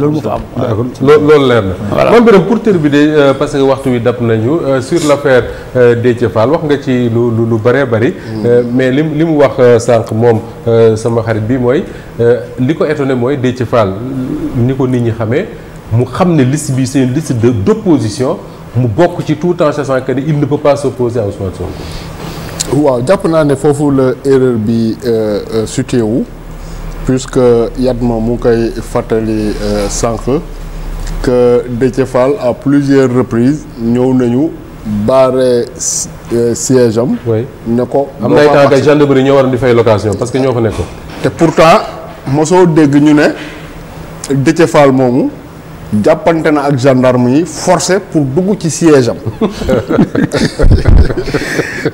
loolu moo fa am loolu leer na. man Birame pour terminer euh, parce que waxtu wi dab nañu euh, sur l' affaire euh, Déthié Fall wax nga ci lu lu lu bari mm. mais li li mu wax sànq moom sama xarit bi mooy li ko étonné mooy Déthié Fall ni ko nit ñi xamee mu xam ne list bi c' est de d' opposition mu bokk ci tout en sachant que il ne peut pas s' opposer waaw jàpp naa ne foofu la erreur bi situé wu. puisque Yatma mu ngi koy fàttali euh, sànq que Déthié Fall à plusieurs reprises ñëw nañu baare euh, siège am. ne ko. am na ay temps que gendarmerie ñoo waroon di fay location parce que ñoo fa nekkoon. te pourtant mosoo dégg ñu ne Déthié Fall moomu. jàppante na ak gendarme yi forcé pour dugg ci siège am.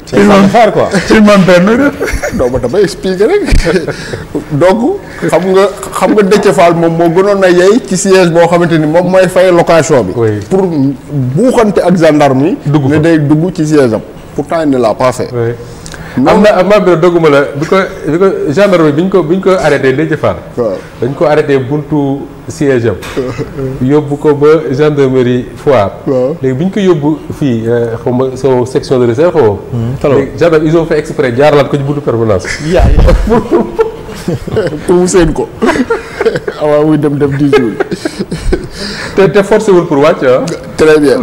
ci man faire quoi ci man benn. non ma damay rek donc xam nga xam nga Déthié Fall moom moo gënoon na yey ci siège boo xamante ni moom mooy fay location bi. pour buuxante ak gendarme yi. dugg ne day dugg ci siège pour pourtant il ne l'a pas am na maa bi dogguma la bi ko bi ko bi ñu ko bi ñu ko arrêté Déthié Fall dañ ko arrêté buntu siège yóbbu ko ba gendarmerie Foire léegi bi ñu ko yóbbu fii eh, xaw ma so section de réserve xaw ma hmm, léegi gendarme ils ont fait exprès jaaralaat ko ci buntu permanence pour mu seen ko avant muy dem def dix jours te te forcé wul pour wàcc ah. très bien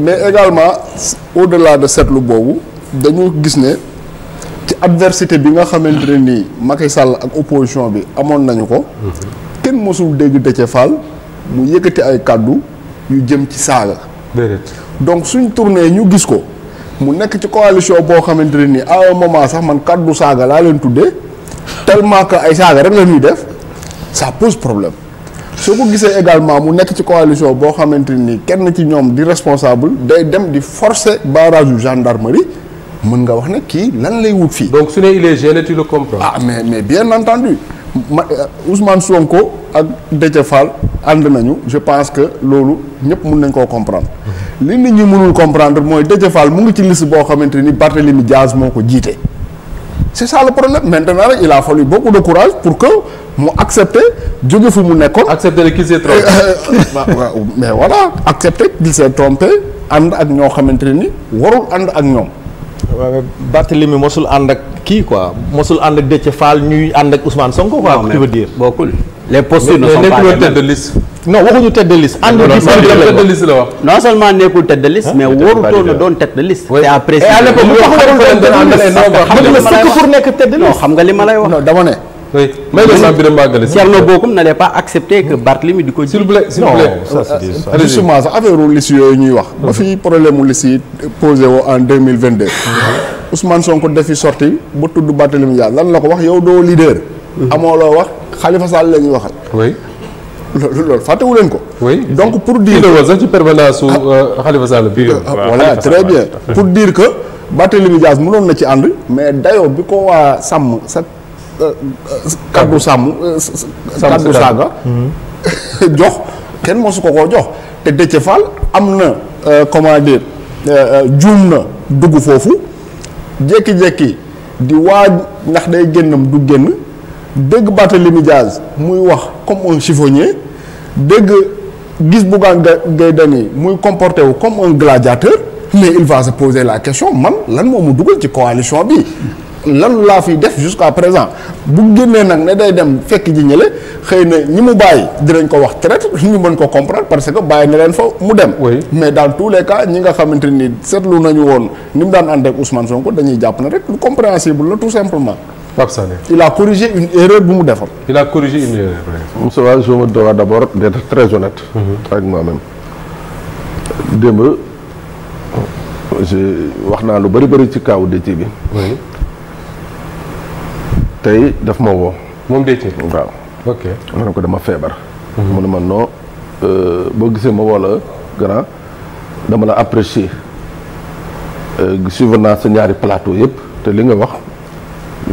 mais également au delà de seetlu boobu dañu gis ne ci adversité bi nga xamante ne nii Macky Sall ak opposition bi amoon nañu ko. kenn mosul dégg Déthié Fall mu yëkkati ay kàddu yu jëm ci saaga. donc suñ tournée ñu gis ko mu nekk ci coalition boo xamante ne nii à un moment sax man kàddu saaga laa leen tuddee tellement que ay saaga rek la ñuy def ça pose problème. soo ko gisee également mu nekk ci coalition boo xamante ni kenn ci ñoom di responsable day dem di force barrage yu gendarmerie mën nga wax ne kii lan lay wut fii. donc su ne il est le comprends. ah mais mais bien entendu ma euh, Ousmane Sonko ak Déthié Fall ànd nañu je pense que loolu ñëpp mun nañ koo comprendre mhm. li nit ñu mënul comprendre mooy Déthié mu ngi ci liste boo xamante ni Barthélémy Diaz moo ko jiite. c'est ça le problème maintenant nag il a fallu beaucoup de courage pour que mu accepter jóge fu mu nekkoon. accepter qu'il s'est trompé. Euh, euh, mais voilà accepter qu'il s'est trompé ànd ak ñoo xamante ni warul ànd ak ñoom. Barthélemy mosul ànd ak kii quoi mosul ànd ak Déthié Fall ñuy ànd ak Ousmane Sonko quoi. non tu veux dire bokkul. les postures ne sont pas les mêmes tête de liste. non waxuñu tête de liste. ànd bi tête de liste la wax. non seulement nekkul tête de liste. mais warutoon na après. et à l'époque xam nga li ma lay wax. non xam nga li ma lay wax. non dama ne. oui may la sàmm bi dem màggale. Thierno Bocoum n'allait pas accepter que Barthélemy di ko. s'il vous plaît s'il vous plaît non ça c'est ça. justement sax affaire liste yooyu ñuy wax. ba fi problème mu liste yi posé woo en deux mille vingt deux. Ousmane Sonko defi sorti ba tudd Barthélemy Dias lan la ko wax yow doo leader. amoo loo wax Khalifa Sall la ñuy waxal. oui. loolu fàttewu leen ko. oui donc pour dire. kii sax ci permanence su ah. euh, Khalifa Sall bi. Ah, voilà très bien pour dire que Barthélemy Dias mënoon na ci ànd. mais dayoo bi ko waa sàmm sa. kaddu sàmm kaddu saaga mhm. jox kenn mosu ko koo jox te Déthié Fall am na euh, comment dire euh, euh, juum na dugg foofu jékki-jékki di waaj ndax day génnam du génn dégg Barthélémy Dias muy wax comme un chiffonnier dégg gis bu Bougane Gueye Dany muy comporté wu comme un gladiateur mais il va se poser la question man lan moo mu dugal ci coalition bi lan laa fi def jusqu'à présent bu génnee nag ne day dem fekk ji ñële xëy na ñi mu bàyyi dinañ ko wax traite ñu mën ko comprendre parce que bàyyi na leen fa mu dem. mais dans tous les ñi nga xamante ni seetlu nañu woon ni mu daan ànd ak Ousmane Sonko dañuy jàpp na rek lu compréhensible la tout simplement. Pape Sané il a corrigé une erreur bu mu defoon. il a corrigé une erreur. Moussa Wade je me dois d'abord mhm. wax naa lu bari bari ci kaw dëcc bi. tey daf ma woo. moom day waaw. ok ma ne ko dama feebar. mu ne ma non euh, boo gisee ma woo la grand dama la apprécier euh, suivre sa ñaari plateau yëpp te li nga wax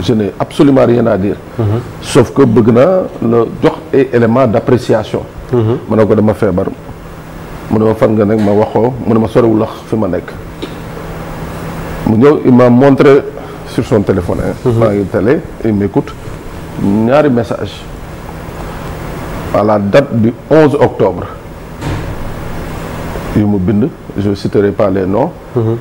je n'ai absolument rien à dire. Mm -hmm. bëgg naa la jox ay éléments d'appréciation. Mhm. ma ne ko dama feebar mu ne ma fan nga nekk ma waxoo ma ne ma sorewul lax fi ma nekk mu ñëw il m'a montré. sur son téléphone. maa mhm. ngi télé il m'écoute ñaari message à la date du octobre yu mu bind je citerai pas les